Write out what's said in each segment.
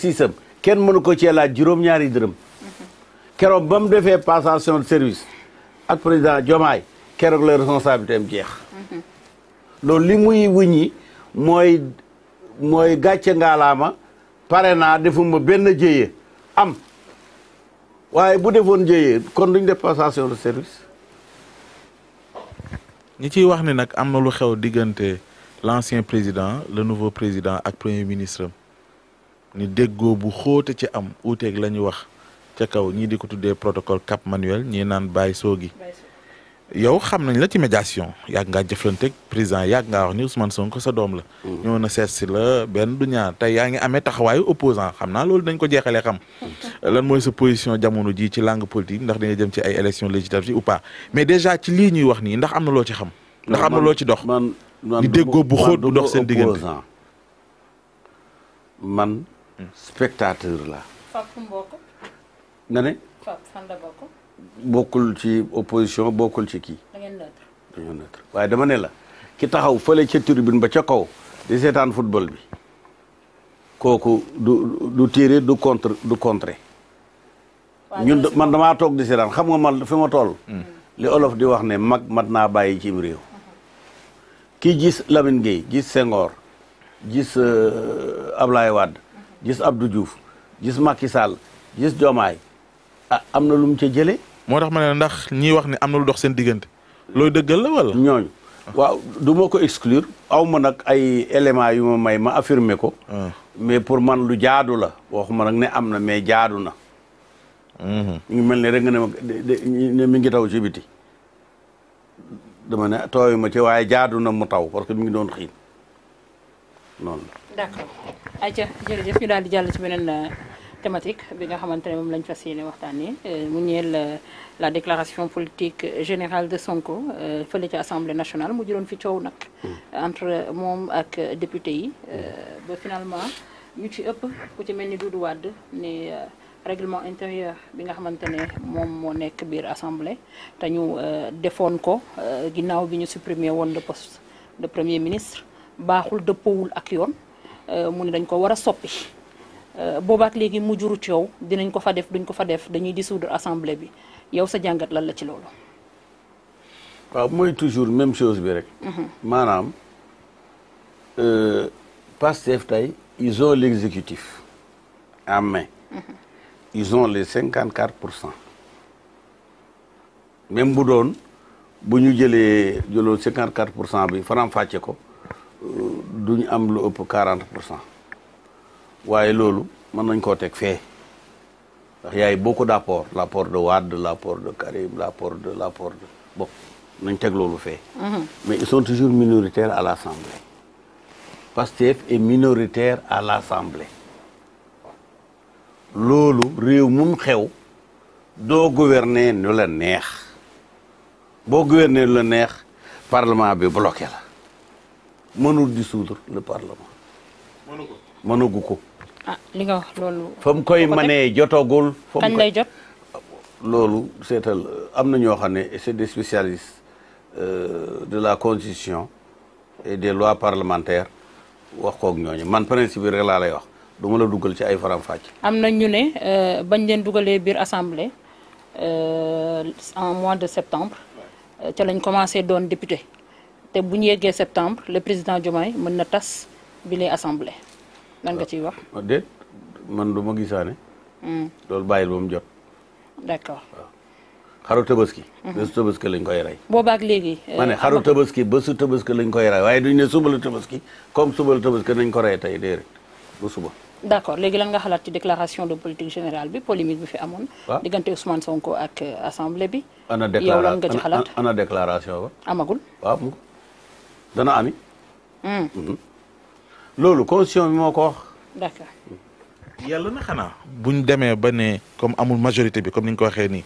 siisam kenn mënu ko cee laaj juróom-ñaari dërëm keroog ba mu defee passation de service ak président jomaay keroog la responsabilité am jeex loolu li muy wuñi mooy mooy gàcce ngaalaama pare naa defuma benn jéyee am waaye bu defoon jéyee kon duñ def passation de service ñi ciy wax ne nag am na lu xew diggante l'ancien président le nouveau président ak premier ministre ni déggo bu xóote ci am uuteeg la ñu wax ca kaw ñii di ko tuddee protocole Cap Manuel ñi naan bàyyi soo gi yow xam nañ la ci médiation yàgg ngaa jëflanteeg président yàgg nga wax ni Ousmane Sonko sa doom la. Mm-hmm. ñoo na seet si la benn du ñaar tey yaa ngi amee taxawaayu opposant xam naa loolu dañ ko jeexalee xam. Mm-hmm. lan mooy sa position jamono jii ci langue politique ndax dañuy jëm ci ay élections législatives ou pas mais déjà ci lii ñuy wax nii ndax am na loo ci xam. ndax am na loo ci dox. man man déggoo bu xóot dox seen diggante man. spectateur la nga ne bokkul ci opposition bokkul ci kii waaye dama ne la ki taxaw fële ca tribune ba ca kaw di seetaan football bi kooku du du tirer du contre du contrer ñun man dama toog di seetaan xam nga man fi ma toll hmm. li olof di wax ne mag mat na bàyyi cim réew kii gis Lamine Gueye gis Senghor gis euh, Ablaye Wade gis Abdou Diouf gis Macky Sall gis Diomaye ah am na lu mu ca jëlee. moo tax ma ne ndax ñiy wax ne am na lu dox seen diggante looy dëggal la wala. ñooñu waaw du ma ko exclure aw ma nag ay éléments yu ma may ma affirmer ko. Ah. mais pour man lu jaadu la waxuma nag ne am na mais jaadu na. mi mhm. ngi mel ne rek nga mi ngi taw ci biti ne tooyu ma ci waaye jaadu na mu taw parce que mi ngi doon xiin ayca jërëjëf ñu daal di jàll ci beneen euh, thématique bi nga xamante ne moom lañu fas yéene waxtaanee euh, mu ñeel euh, la déclaration politique générale de Sonko fële ci assemblée nationale mu juróon fi coow nag. Mm. entre moom ak député yi. Mm. ba finalement ñu ci ëpp ku ci mel ni Doudou Wade ne règlement intérieur bi nga xamante ne moom moo nekk biir assemblée te ñu defoon ko ginnaaw bi ñu supprimer woon le poste de premier ministre baaxul dëppoowul ak yoon. Euh, mu ne dañ ko war a soppi euh, boobaak léegi mu juru coow dinañ ko fa def duñ ko fa def dañuy dissoudre assemblée bi yow sa jàngat lan la ci loolu. waaw mooy toujours même chose bi rek. Mhm. maanaam euh, Pastef tey ils ont l'exécutif en mhm. les cinquante quatre pour cent même bu doon bu ñu jëlee jëloo cinquante quatre pour cent bi faram fàcce ko duñ am lu ëpp waaye loolu mën nañ ko teg fee ndax yaay beaucoup d'apports l'apport de Wade l'apport de Karim l'apport de l'apport de bon nañ teg loolu fee mhm. mais ils sont toujours minoritaires à l'Assemblée Pastef est minoritaire à l'Assemblée loolu réew mum xew doo gouverner nu la neex boo gouverner nu la neex parlement bi bloqué la mënul dissoudre le parlement. mënu ko mënagu ko. ah li nga wax loolu. fa mu koy manee jotagul. fa lay jot. loolu seetal am na ñoo xam ne c'est des spécialistes euh, de la constitution et des lois parlementaires wax koog ñooñu man principe bi rek laa lay wax du ma la dugal ci ay faram-fàcc. am na ñu ne euh, bañ leen dugalee biir assemblée euh, en mois de septembre ca lañ commencé doon député. te bu ñu yeggee septembre le président Diomaye mën na tas bi lay assemblée lan nga ah. ciy wax. Ah, déet man du ma gisaane. Hmm. loolu bàyyil ba jot. d'accord waaw ah. xaru tabaski. Hmm. bésu tabaski lañ koy ray boo boobaak léegi. Euh, ma ne xaru tabaski bésu tabaski lañ koy rey waaye duñ ne suba la tabaski comme suba la tabaski nañ ko rey tey déedéet bu suba. d'accord léegi lan nga xalaat ci déclaration de politique générale bi polémique bi fi amoon. waaw diggante Ousmane Sonko ak euh, assemblée bi. ana déclaration yow lan nga ci xalaat ana amagul dana ami hmm. mhm. loolu constitution bi moo ko wax. d'accord. yàlla na xanaa buñ demee ba ne comme amul majorité bi comme ni nga ko waxee nii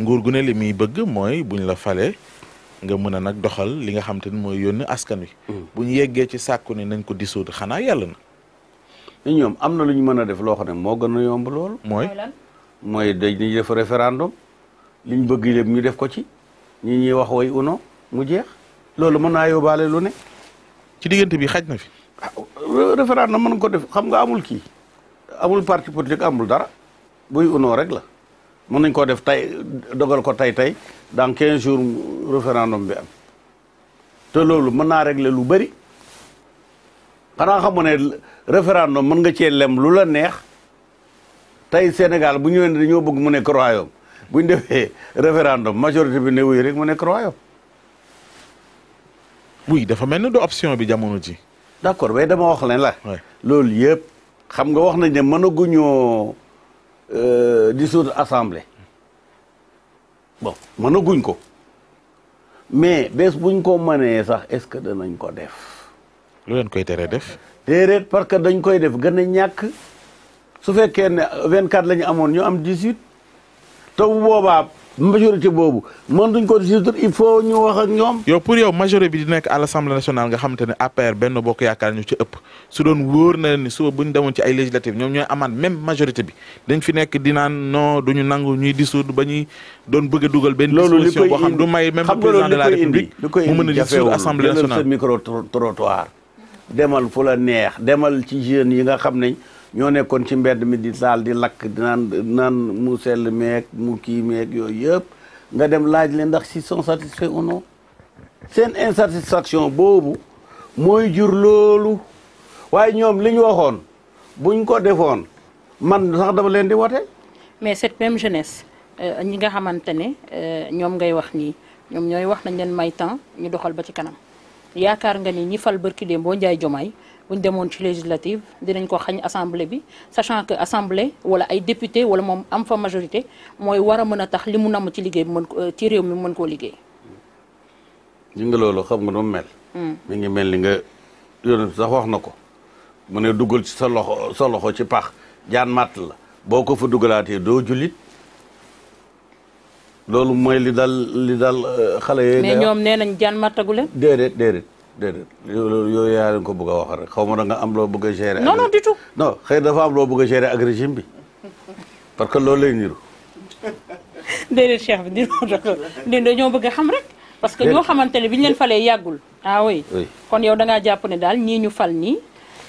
nguur gu ne li muy bëgg mooy buñ la falee nga mën a nag doxal li nga xam te mooy yónni askan wi. Hmm. buñ yeggee ci sàkku ni nañ ko dissoudre xanaa yàlla na. ñoom am na lu ñu mën a def loo xam ne moo gën a yomb lool. mooy mooy dañuy def référendum liñ bëgg lépp ñu def ko ci ñu ñuy wax way uno mu jeex. loolu mën naa yóbbaale lu ne. ci diggante bi xaj na fi. Ah, référendum mën nga ko def xam nga amul kii amul parti politique amul dara buy unoo rek la mën nañ koo def tey dogal ko tey tey dans quinze jours référendum bi am te loolu mën naa régler lu bari xanaa xamu ne référendum mën nga cee lem lu la neex tey Sénégal bu ñëwee dañoo bëgg mu ne royaume bu ñu defee référendum majorité bi ne wuy rek mu nekk royaume oui dafa mel ni du option bi jamono ji. d' accord mais dama wax leen la. loolu yëpp xam nga wax nañ ne mënaguñoo euh, dissoudre assemblée bon mënaguñ ko mais bes buñ ko mënee sax est ce que danañ ko def. lu leen koy teree def. déedéet parce que dañ koy def gën a ñàkk su fekkee ne 24 la ñu amoon ñu am 18 te bu boobaa. majorité boobu mën duñ ko dissoudre il faut ñu wax ak ñoom. yow pour yow majorité bi di nekk à l' assemblée nationale nga xamante ne APR benn bokk yaakaar ñu ci ëpp su doon wóor na leen ni suba bu ay législatives ñoom ñooy amaat même majorité bi dañ fi nekk di naan non du ñu nangu ñuy dissoudre ba ñuy doon bëgg dugal benn. disposition boo xam du may même président de la république mu mën a dissoudre assemblée nationale. demal fu la neex demal ci jeunes yi nga xam ne. ñoo nekkoon ci mbedd mi di taal di lakk naan naan mu sell meeg mu kii meeg yooyu yëpp nga dem laaj leen ndax si sont satisfaits ou non seen insatisfaction boobu mooy jur loolu waaye ñoom li ñu waxoon buñ ko defoon man sax dama leen di wote mais cette même jeunesse euh, ñi nga xamante ne euh, ñoom ngay wax ni ñoom ñooy wax nañ leen may temps ñu doxal ba ci kanam yaakaar nga ni ñi fal barki démb boo njaay jomaay bu ñu demoon ci législative dinañ ko xañ assemblée bi sa que assemblée wala ay député wala moom am fa majorité mooy war a mën a tax li mu namm ci liggéey bi mën ci réew mi mën koo liggéey. ñu nga loolu xam nga nu mel. Hmm. mi ngi mel ni nga yoon sax wax na ko mu ne duggal ci sa loxo sa loxo ci pax jaan màtt la boo ko fa duggalaatee doo jullit. loolu mooy li dal li dal euh, xale yooyu. mais ñoom nee nañ jaan màttagu leen. déedéet loolu yooyu yaa leen ko bëgg a wax rek xaw ma da nga am loo bëgg a gérer. non non du tout. non xëy dafa am loo bëgg a gérer ak régime bi parce que loolu lay niru. déedéet cheikh bi di di dañoo bëgg a xam rek. parce que ñoo xamante ne bi ñu leen falee yàggul. ah oui kon yow da jàpp ne daal ñii ñu fal nii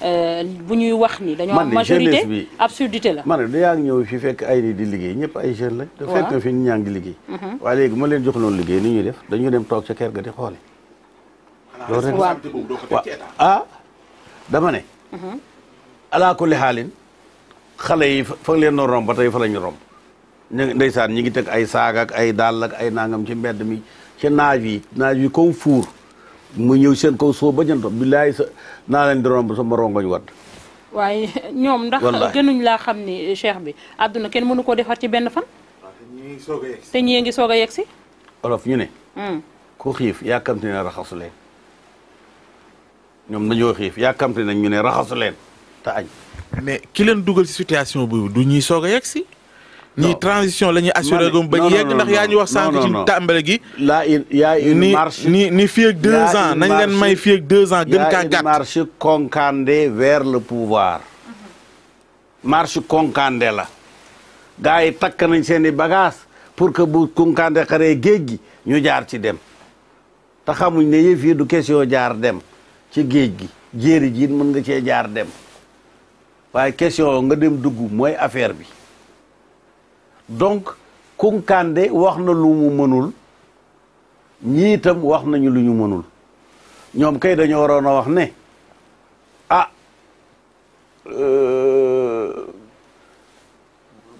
euh, bu ñuy wax ni dañoo am majorité bi absurdité la. man de yaa ngi ñëw fi fekk ay ni di liggéey ñëpp ay jeunes lañ. waaw fekk na fi ñu ñaa ngi liggéey. Mhm. waaye léegi ma leen jox loon liggéey ni ñuy def dañu dem toog ca kër ga di xoole loolu rek waaw ah dama ne. Mhm. alaa kulli xaalin xale yi fa leen doon romb ba tey fa la ñu romb. ñu ndeysaan ñi ngi teg ay saaga ay dàll ak ay nangam ci mbedd mi ci naaj yi naaj yi kaw fuur mu ñëw seen kow soo ba jënd billaay sa naa leen di romb sama rongoñ wadd waaye ñoom ndax gënuñ laa xam ni cheikh bi àdduna kenn mënu koo defar ci benn fan te ñi ngi soog a yegg si olof ñu ne mm. ku xiif yàkkamti ne raxasu leen ñoom dañoo xiif yàkkamte nañ ñu ne raxasu leen te añ. mais ki leen dugal ci situation boobu du ñuy soog a yegg si. ñii transition la ñuy assuré gum bañ yegg ndax yaa ñu wax sànq ci tàmbale gi. laa yaa une marche ni ni deux ans nañ leen may fii ak deux ans gën kaa gàtt. yaa une pouvoir. marche concandée la. gars yi takk nañ seen i bagages pour que bu concandé xaree géej gi ñu jaar ci dem te xamuñ ne du yi du question jaar dem. ci géej gi jéeri ji mën nga cee jaar dem waaye question nga dem dugg mooy affaire bi donc Kunkande wax na lu mu mënul ñii itam wax nañu lu ñu mënul ñoom kay dañoo waroon a wax ne ah euh,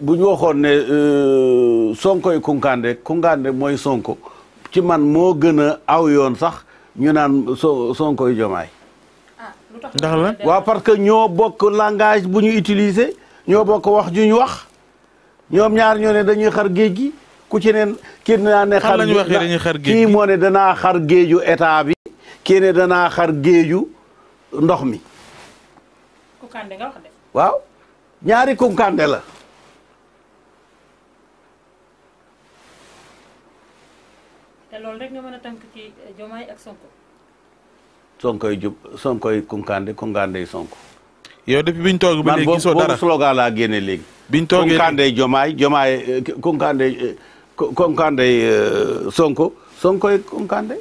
bu ñu waxoon ne euh, Sonkoy Kunkande Kunkande mooy Sonko ci man moo gën a aw sax ñu naan son koy Diomaye ah, ndax lan waaw parce que ñoo bokk langage bu ñu utiliser ñoo bokk wax ju ñu wax ñoom ñaar ñoo ne dañuy xar géej gi ku ci neen kii naa ne xar dañuy xar géej kii moo ne danaa xar géeju état bi kii danaa xar géeju ndox mi kunkande waaw ñaari kunkande la te loolu rek nga mën a eh, Sonko. Sonko yi jub Sonko yi kunkaande Sonko. yow depuis bi ñu toog ba léegi gisoo dara man boobu slogan bi ñu toogee kunkaande yi Diomaye Diomaye eh, kunkaande eh, yi Sonko Sonko yi kunkaande.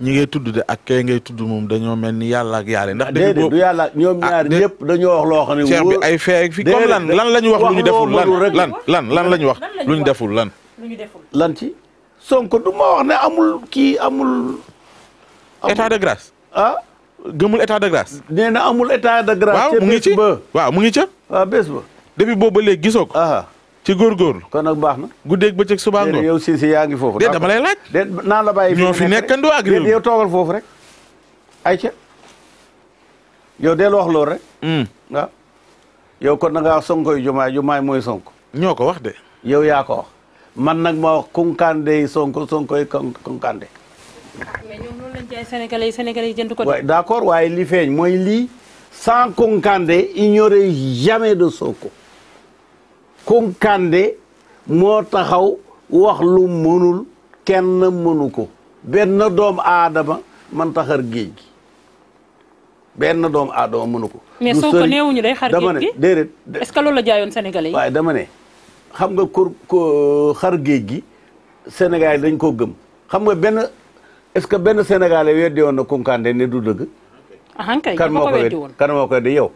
ñi ngay tudd de ak kee ngay tudd moom dañoo mel ni yàlla ak yàlla ndax. de du yàlla ñoom ah, ñaar ñëpp dañoo wax loo xam ne. bi ay fee fi comme lan lan la ñu wax. lu ñu deful lan lan lan la ñu wax lu deful lan. ci. sonk du ma wax ne amul kii amul. état de grâce. ah. gëmul nee na amul état de grâce. waaw mu ngi waaw mu ngi ca. waaw ah, ba. depuis boobu ba léegi gisoo ko. Ah. ci góorgóorlu. kon nag baax na. guddeeg bëccëg subaa ngoon yow si si yaa ngi foofu. dama lay laaj. déet naa la bàyyi. ñoo fi nekkandoo ak réew yow toogal foofu rek. ca yow deel wax lool rek. waaw hmm. ah. yow kon na ngaa sonkoy jumaay jumaay mooy sonk. ñoo ko wax de. yow yaa ko wax. man nag ma wax kunkande sonko sonko yi kunkande. mais ñoom yi sénégalais yi ko. waaye waaye li feeñ mooy lii sans kunkande ignorez jamais de sonko kunkande moo taxaw wax lu mënul kenn mënu ko benn doom aadama man taxar géej gi benn doom aadama mënu ko. mais sonko néewuñu day xar géej gi dama ne déedéet. la jaayoon sénégalais yi waaye dama ne. xam nga kur xar géej gi Sénégal dañ ko gëm xam nga benn est-ce que benn Sénégalais weddi woon na Kunkande ne du dëgg. Ah, kan moo ko weddi kan moo ko weddi yow.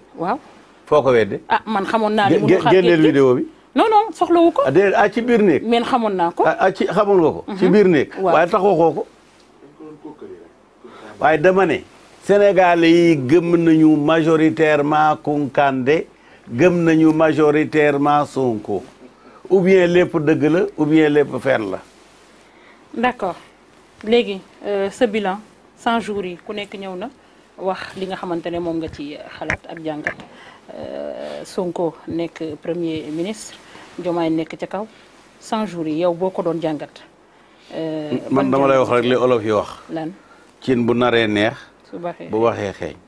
foo ko weddi. Ah, man xamoon naa ne bi. non non ko. Ah, ah ci biir néeg. xamoon naa ko. ah ci xamoon nga ko. ci mhm. biir néeg. waaye tax waxoo ko. waaye dama ne. Sénégalais yi gëm nañu majoritairement Kunkande gëm nañu majoritairement Sonko. ou bien lépp dëgg la ou bien lépp fenn la. d'accord léegi euh, sa bilan 100 jours yi ku nekk ñëw na wax li nga xamante ne moom nga ci xalaat ak jàngat euh, Sonko nekk premier ministre Diomaye nekk ca kaw 100 jours yi yow boo ko doon jàngat. Euh, man dama lay wax rek li olof yi wax. lan cin bu naree neex. bu waxee xeeñ.